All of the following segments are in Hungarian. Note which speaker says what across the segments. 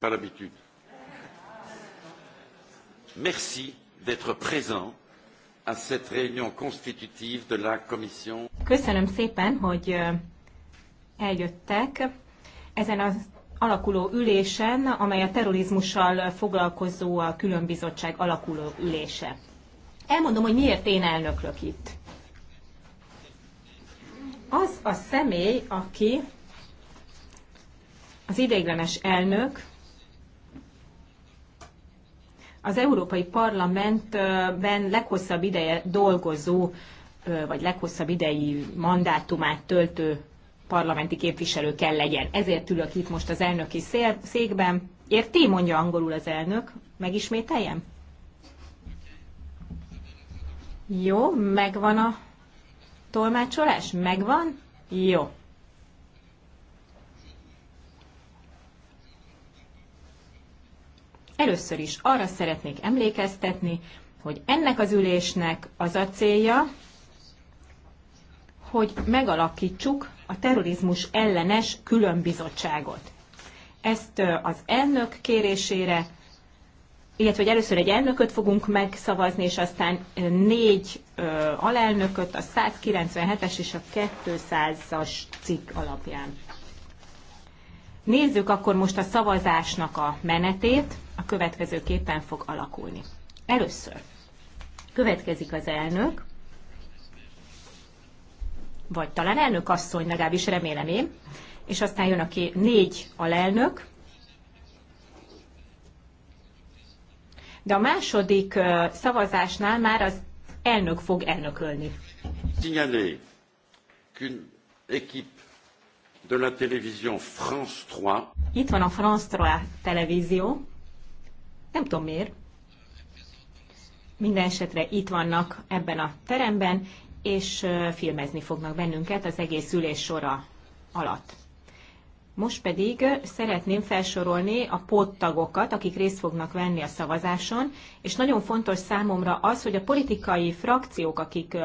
Speaker 1: Pas l'habitude. Merci d'être présent à cette réunion constitutive de la Commission.
Speaker 2: Köszönöm szépen, hogy eljöttek ezen az alakuló ülésen, amely a terrorizmussal foglalkozó a különbizottság alakuló ülése. Elmondom, hogy miért én elnöklök itt. Az a személy, aki az ideiglenes elnök, az Európai Parlamentben leghosszabb ideje dolgozó, vagy leghosszabb idei mandátumát töltő parlamenti képviselő kell legyen. Ezért ülök itt most az elnöki székben. Érti? Mondja angolul az elnök. Megismételjem? Jó, megvan a tolmácsolás? Megvan? Jó. Először is arra szeretnék emlékeztetni, hogy ennek az ülésnek az a célja, hogy megalakítsuk a terrorizmus ellenes különbizottságot. Ezt az elnök kérésére, illetve hogy először egy elnököt fogunk megszavazni, és aztán négy alelnököt a 197-es és a 200-as cikk alapján. Nézzük akkor most a szavazásnak a menetét, a következőképpen fog alakulni. Először következik az elnök, vagy talán elnök asszony, legalábbis remélem én, és aztán jön aki négy alelnök, de a második szavazásnál már az elnök fog elnökölni.
Speaker 1: Signalé qu'une équipe de la télévision France 3.
Speaker 2: Itt van a France 3 televízió. Nem tudom miért. Minden esetre itt vannak ebben a teremben, és filmezni fognak bennünket az egész ülés sora alatt. Most pedig szeretném felsorolni a póttagokat, akik részt fognak venni a szavazáson, és nagyon fontos számomra az, hogy a politikai frakciók, akik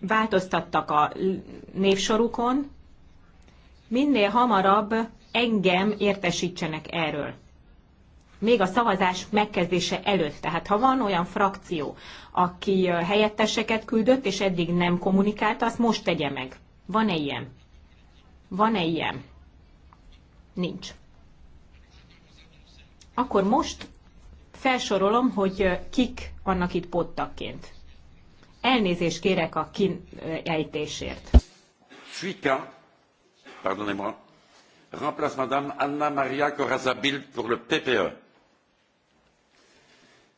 Speaker 2: változtattak a névsorukon, minél hamarabb engem értesítsenek erről. Még a szavazás megkezdése előtt. Tehát ha van olyan frakció, aki helyetteseket küldött, és eddig nem kommunikált. azt most tegye meg. Van-e ilyen? Van-e ilyen? Nincs. Akkor most felsorolom, hogy kik vannak itt pottakként. Elnézést kérek a kiejtésért.
Speaker 1: Suika, pardonnez-moi, remplace Madame Anna Maria Corazabil pour le PPE.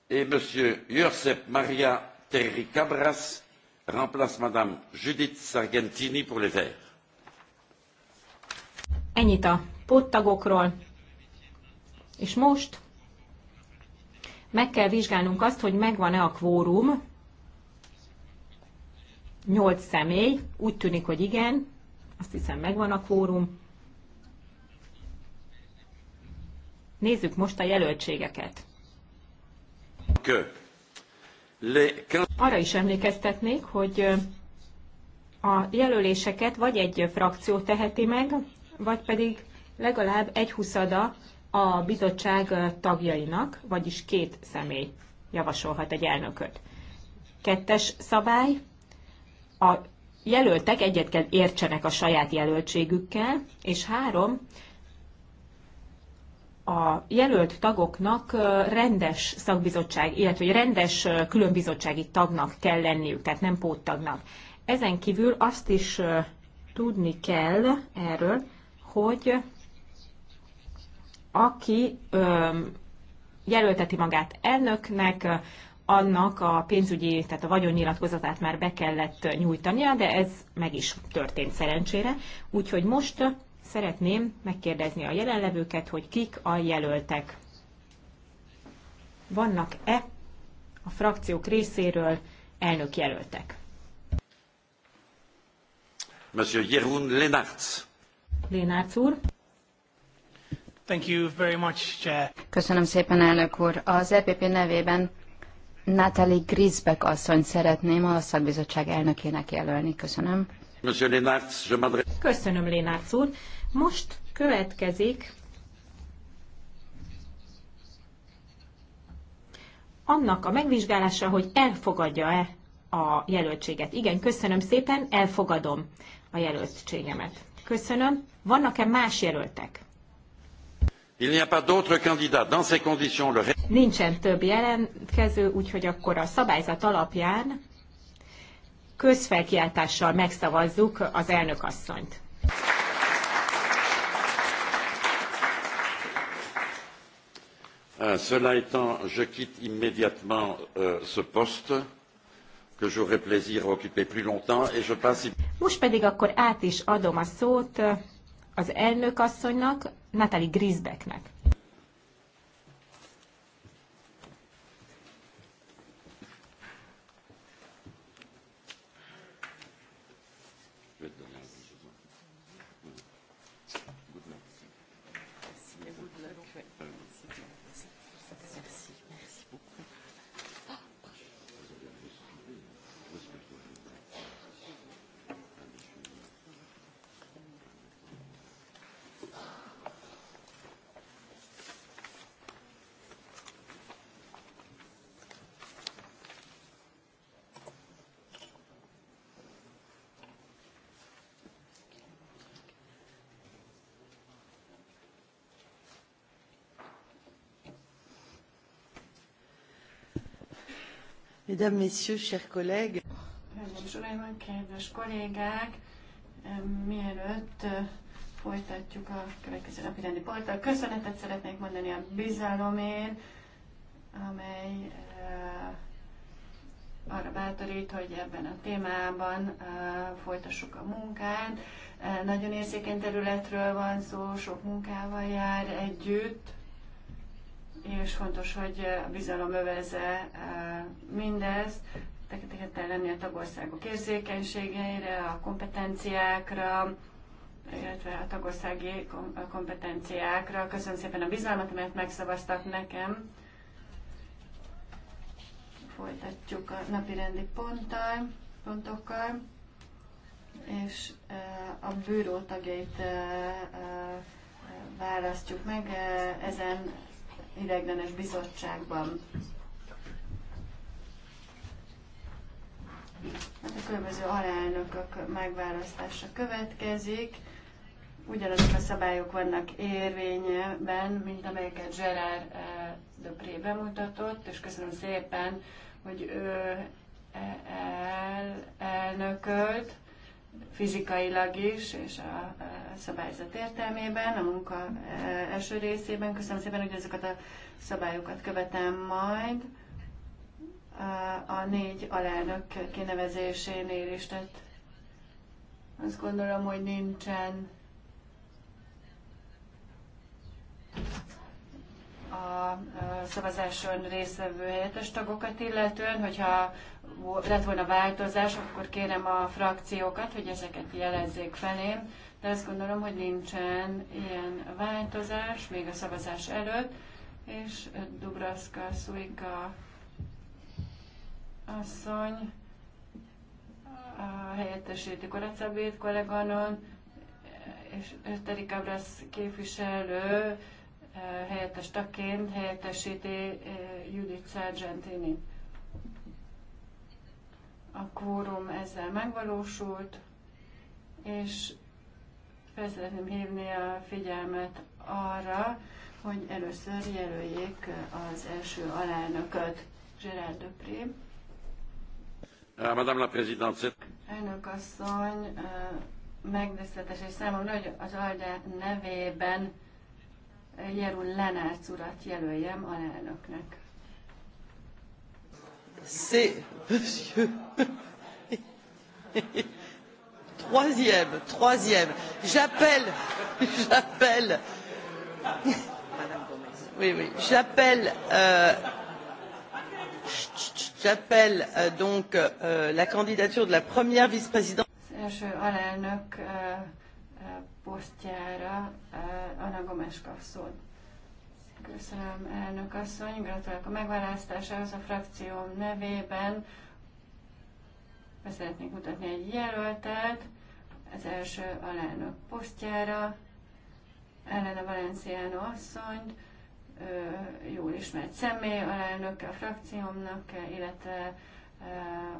Speaker 1: Et Monsieur Josep Maria Terry Cabras remplace Madame Judith Sargentini pour les Verts.
Speaker 2: Ennyit a pottagokról. És most meg kell vizsgálnunk azt, hogy megvan-e a kvórum 8 személy, úgy tűnik, hogy igen, azt hiszem megvan a kórum. Nézzük most a jelöltségeket. Arra is emlékeztetnék, hogy a jelöléseket vagy egy frakció teheti meg, vagy pedig legalább egy huszada a bizottság tagjainak, vagyis két személy javasolhat egy elnököt. Kettes szabály, a jelöltek egyet kell értsenek a saját jelöltségükkel, és három, a jelölt tagoknak rendes szakbizottság, illetve rendes különbizottsági tagnak kell lenniük, tehát nem póttagnak. Ezen kívül azt is tudni kell erről, hogy aki jelölteti magát elnöknek, annak a pénzügyi, tehát a vagyonnyilatkozatát már be kellett nyújtania, de ez meg is történt szerencsére. Úgyhogy most szeretném megkérdezni a jelenlevőket, hogy kik a jelöltek. Vannak-e a frakciók részéről elnök jelöltek?
Speaker 1: Monsieur Jeroen Lenartz.
Speaker 2: Lénárc úr. Thank you very much, Chair. Köszönöm szépen, elnök úr. Az EPP nevében Natalie Grisbeck asszony szeretném a szakbizottság elnökének jelölni. Köszönöm. Köszönöm, Lénárc úr. Most következik annak a megvizsgálása, hogy elfogadja-e a jelöltséget. Igen, köszönöm szépen, elfogadom a jelöltségemet. Köszönöm. Vannak-e más jelöltek?
Speaker 1: Il n'y a pas d'autre candidat. Dans ces conditions, le...
Speaker 2: Nincsen több jelentkező, úgyhogy akkor a szabályzat alapján közfelkiáltással megszavazzuk az elnökasszonyt.
Speaker 1: Uh, cela étant, je quitte immédiatement euh, ce poste que j'aurai plaisir à occuper plus longtemps et je passe...
Speaker 2: Most pedig akkor át is adom a szót euh, az elnök asszonynak, Natalie Grisbecknek.
Speaker 3: Mesdames, Messieurs, chers collègues.
Speaker 4: Hölgyeim uraim, kedves kollégák, mielőtt eh, folytatjuk a következő napi rendi porttal, köszönetet szeretnék mondani a bizalomért, amely eh, arra bátorít, hogy ebben a témában eh, folytassuk a munkát. Nagyon érzékeny területről van szó, sok munkával jár együtt és fontos, hogy a bizalom övezze mindez, tekintettel kell lenni a tagországok érzékenységeire, a kompetenciákra, illetve a tagországi kompetenciákra. Köszönöm szépen a bizalmat, mert megszavaztak nekem. Folytatjuk a napirendi ponttal, pontokkal, és a bűró tagjait választjuk meg ezen ideiglenes bizottságban. Hát a különböző alelnökök megválasztása következik. Ugyanazok a szabályok vannak érvényben, mint amelyeket Gerard eh, Döpré bemutatott, és köszönöm szépen, hogy ő eh, el, elnökölt fizikailag is, és a szabályzat értelmében, a munka e, első részében. Köszönöm szépen, hogy ezeket a szabályokat követem majd. A négy alelnök kinevezésénél is, tehát azt gondolom, hogy nincsen a szavazáson résztvevő helyettes tagokat illetően, hogyha lett volna változás, akkor kérem a frakciókat, hogy ezeket jelezzék felém, de azt gondolom, hogy nincsen ilyen változás még a szavazás előtt, és Dubraszka Szuika asszony a helyettesíti Koracabét kolléganon, és Terik Kabrasz képviselő e, helyettes taként helyettesíti e, Judit Sargentini. A kórum ezzel megvalósult, és fel szeretném hívni a figyelmet arra, hogy először jelöljék az első alelnököt, Gerard Döpré.
Speaker 1: Uh, Madame la Présidente.
Speaker 4: Elnök asszony, uh, megnézhetes, és számomra, hogy az ALDE nevében Jerul Lenárc urat jelöljem alelnöknek
Speaker 3: c'est monsieur troisième troisième j'appelle j'appelle euh, euh, donc euh, la candidature de la première vice présidente
Speaker 4: posztjára Anna Gomes kap Köszönöm, elnök asszony, gratulálok a megválasztásához a frakcióm nevében. Szeretnék mutatni egy jelöltet az első alelnök posztjára, Elena Valenciano asszonyt, jól ismert személy, alelnöke a frakciómnak, illetve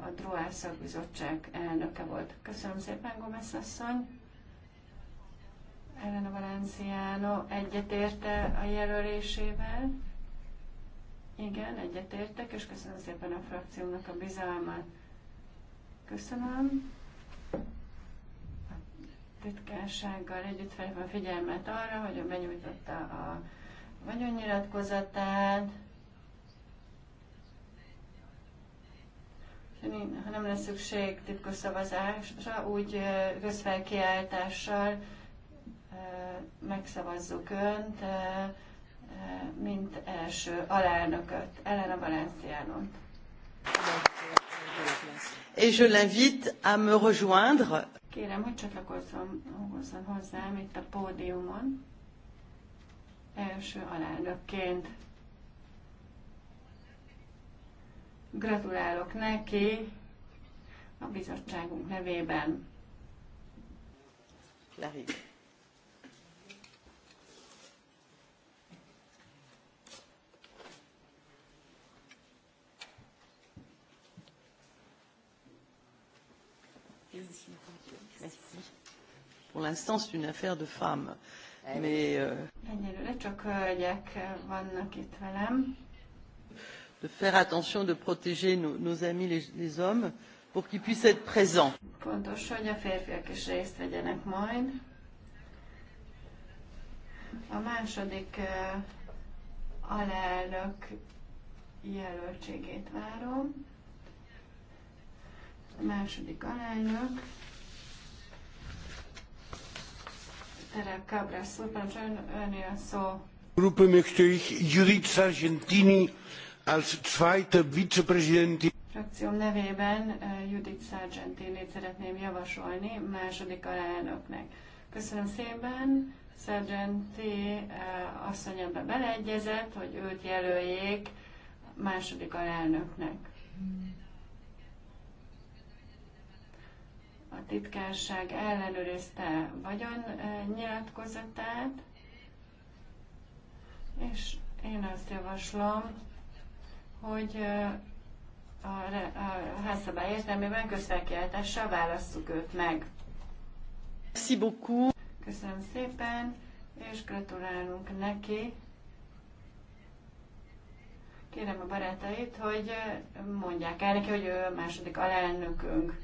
Speaker 4: a Droászak Bizottság elnöke volt. Köszönöm szépen, Gomez asszony! Elena Valenciano egyetérte a jelölésével. Igen, egyetértek, és köszönöm szépen a frakciónak a bizalmat. Köszönöm. A titkársággal együtt felhívom a figyelmet arra, hogy ő benyújtotta a vagyonnyilatkozatát. Ha nem lesz szükség titkos szavazásra, úgy közfelkiáltással, megszavazzuk Önt, mint első alelnököt, Elena Valenciánot.
Speaker 3: Et je l'invite à me rejoindre.
Speaker 4: Kérem, hogy csatlakozzon hozzám itt a pódiumon, első alelnökként. Gratulálok neki a bizottságunk nevében.
Speaker 3: Lehívjuk. Pour l'instant, c'est une affaire de femme. Eh Mais, euh, De faire attention, de protéger nos, nos amis les, les hommes pour qu'ils puissent être présents.
Speaker 4: Pontos, hogy a férfiak is részt vegyenek majd. A második uh, alelnök jelöltségét várom. A második alelnök. Erre Cabrász úr, parancsoljon, önné a szó.
Speaker 1: Gruppe möchte ich Judith Sargentini als zweite Vizepräsidentin.
Speaker 4: Frakcióm nevében eh, Judith Sargentinit szeretném javasolni második alelnöknek. Köszönöm szépen. Sargenti eh, asszony ebbe beleegyezett, hogy őt jelöljék második alelnöknek. Mm. titkárság ellenőrizte vagyon eh, nyilatkozatát, és én azt javaslom, hogy eh, a, a házszabály értelmében közfelkiáltással válasszuk őt meg. Köszönöm szépen, és gratulálunk neki. Kérem a barátait, hogy eh, mondják el neki, hogy ő a második alelnökünk.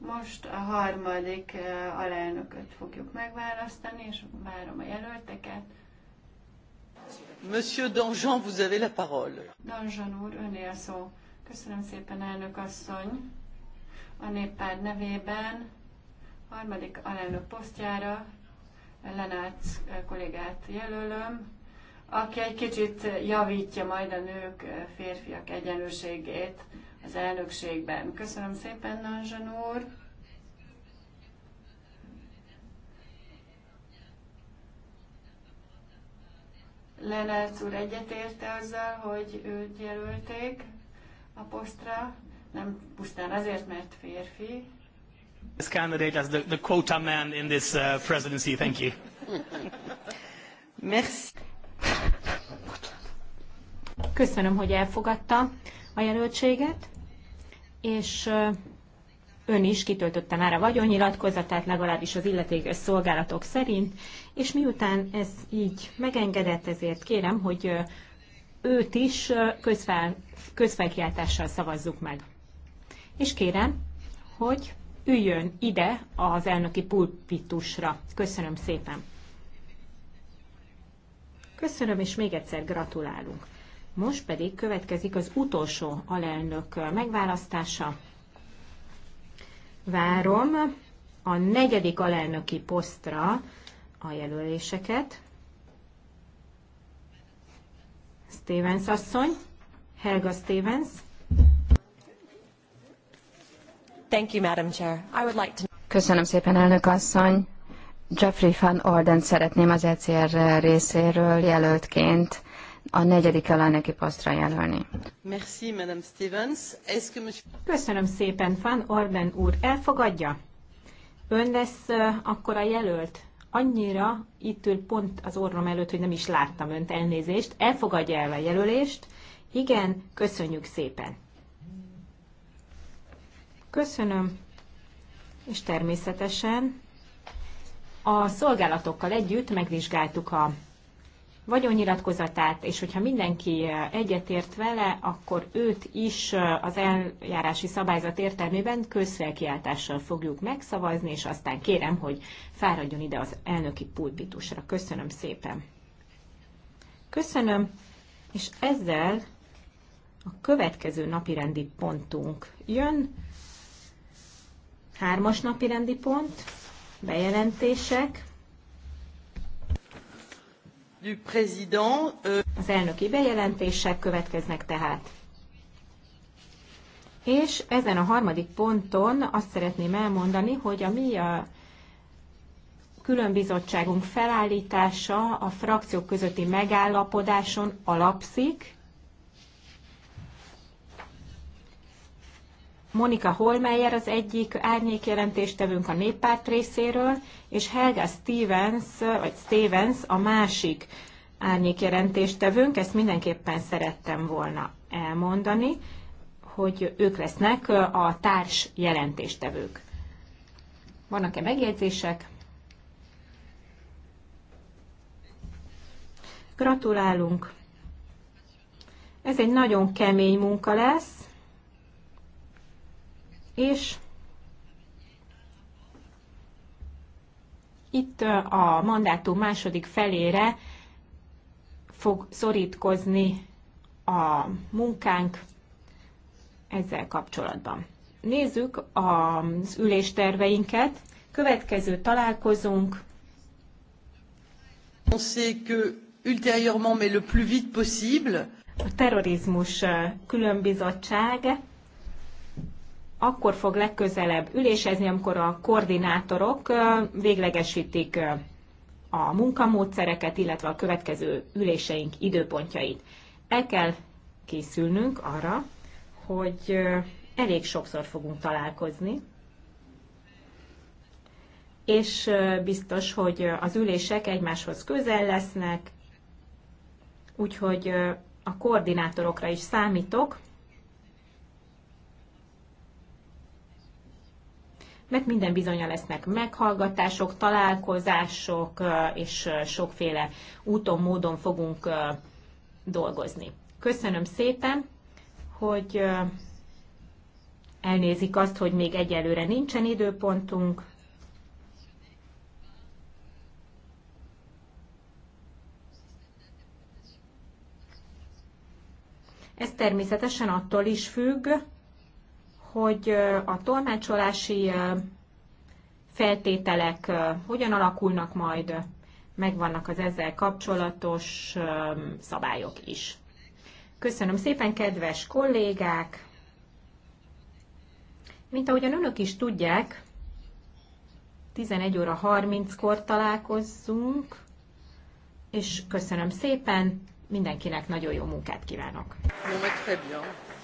Speaker 4: Most a harmadik alelnököt fogjuk megválasztani, és várom a jelölteket.
Speaker 3: Monsieur Donjon, vous avez la parole.
Speaker 4: Donjon úr, a szó. Köszönöm szépen, elnök asszony. A néppár nevében harmadik alelnök posztjára Lenác kollégát jelölöm aki egy kicsit javítja majd a nők, férfiak egyenlőségét az elnökségben. Köszönöm szépen, Nanzsan úr! Lenárc úr egyetérte azzal, hogy őt jelölték a posztra, nem pusztán azért, mert férfi.
Speaker 2: This candidate as the, the quota man in
Speaker 3: this uh, presidency, thank you.
Speaker 2: Merci. Köszönöm, hogy elfogadta a jelöltséget, és ön is kitöltötte már a vagyonnyilatkozatát, legalábbis az illetékes szolgálatok szerint, és miután ez így megengedett, ezért kérem, hogy őt is közfel, közfelkiáltással szavazzuk meg. És kérem, hogy üljön ide az elnöki pulpitusra. Köszönöm szépen. Köszönöm, és még egyszer gratulálunk. Most pedig következik az utolsó alelnök megválasztása. Várom a negyedik alelnöki posztra a jelöléseket. Stevens asszony, Helga Stevens. Thank you, Madam Chair. I would like to... Köszönöm szépen, elnök asszony. Jeffrey van Orden szeretném az ECR részéről jelöltként a negyedik alelnöki posztra jelölni. Merci, Madame Stevens. Que monsieur... Köszönöm szépen, Van Orden úr. Elfogadja? Ön lesz akkor a jelölt? Annyira itt ül pont az orrom előtt, hogy nem is láttam önt elnézést. Elfogadja el a jelölést? Igen, köszönjük szépen. Köszönöm. És természetesen a szolgálatokkal együtt megvizsgáltuk a vagyonnyilatkozatát, és hogyha mindenki eh, egyetért vele, akkor őt is eh, az eljárási szabályzat értelmében közfelkiáltással fogjuk megszavazni, és aztán kérem, hogy fáradjon ide az elnöki pulpitusra. Köszönöm szépen. Köszönöm, és ezzel a következő napirendi pontunk jön. Hármas napirendi pont, bejelentések, Euh, Az elnöki bejelentések következnek tehát. És ezen a harmadik ponton azt szeretném elmondani, hogy a mi a különbizottságunk felállítása a frakciók közötti megállapodáson alapszik, Monika Holmeyer az egyik árnyékjelentéstevünk a néppárt részéről, és Helga Stevens, vagy Stevens a másik árnyékjelentéstevünk, ezt mindenképpen szerettem volna elmondani, hogy ők lesznek a társ jelentéstevők. Vannak-e megjegyzések? Gratulálunk! Ez egy nagyon kemény munka lesz, és itt a mandátum második felére fog szorítkozni a munkánk ezzel kapcsolatban. Nézzük az ülésterveinket. Következő találkozunk. On sait que ultérieurement, mais le plus vite possible. A terrorizmus különbizottság akkor fog legközelebb ülésezni, amikor a koordinátorok véglegesítik a munkamódszereket, illetve a következő üléseink időpontjait. El kell készülnünk arra, hogy elég sokszor fogunk találkozni, és biztos, hogy az ülések egymáshoz közel lesznek, úgyhogy a koordinátorokra is számítok, mert minden bizonyal lesznek meghallgatások, találkozások, és sokféle úton, módon fogunk dolgozni. Köszönöm szépen, hogy elnézik azt, hogy még egyelőre nincsen időpontunk. Ez természetesen attól is függ, hogy a tolmácsolási feltételek hogyan alakulnak majd, megvannak az ezzel kapcsolatos szabályok is. Köszönöm szépen, kedves kollégák! Mint ahogyan önök is tudják, 11 óra 30-kor találkozzunk, és köszönöm szépen, mindenkinek nagyon jó munkát kívánok!
Speaker 1: Jó,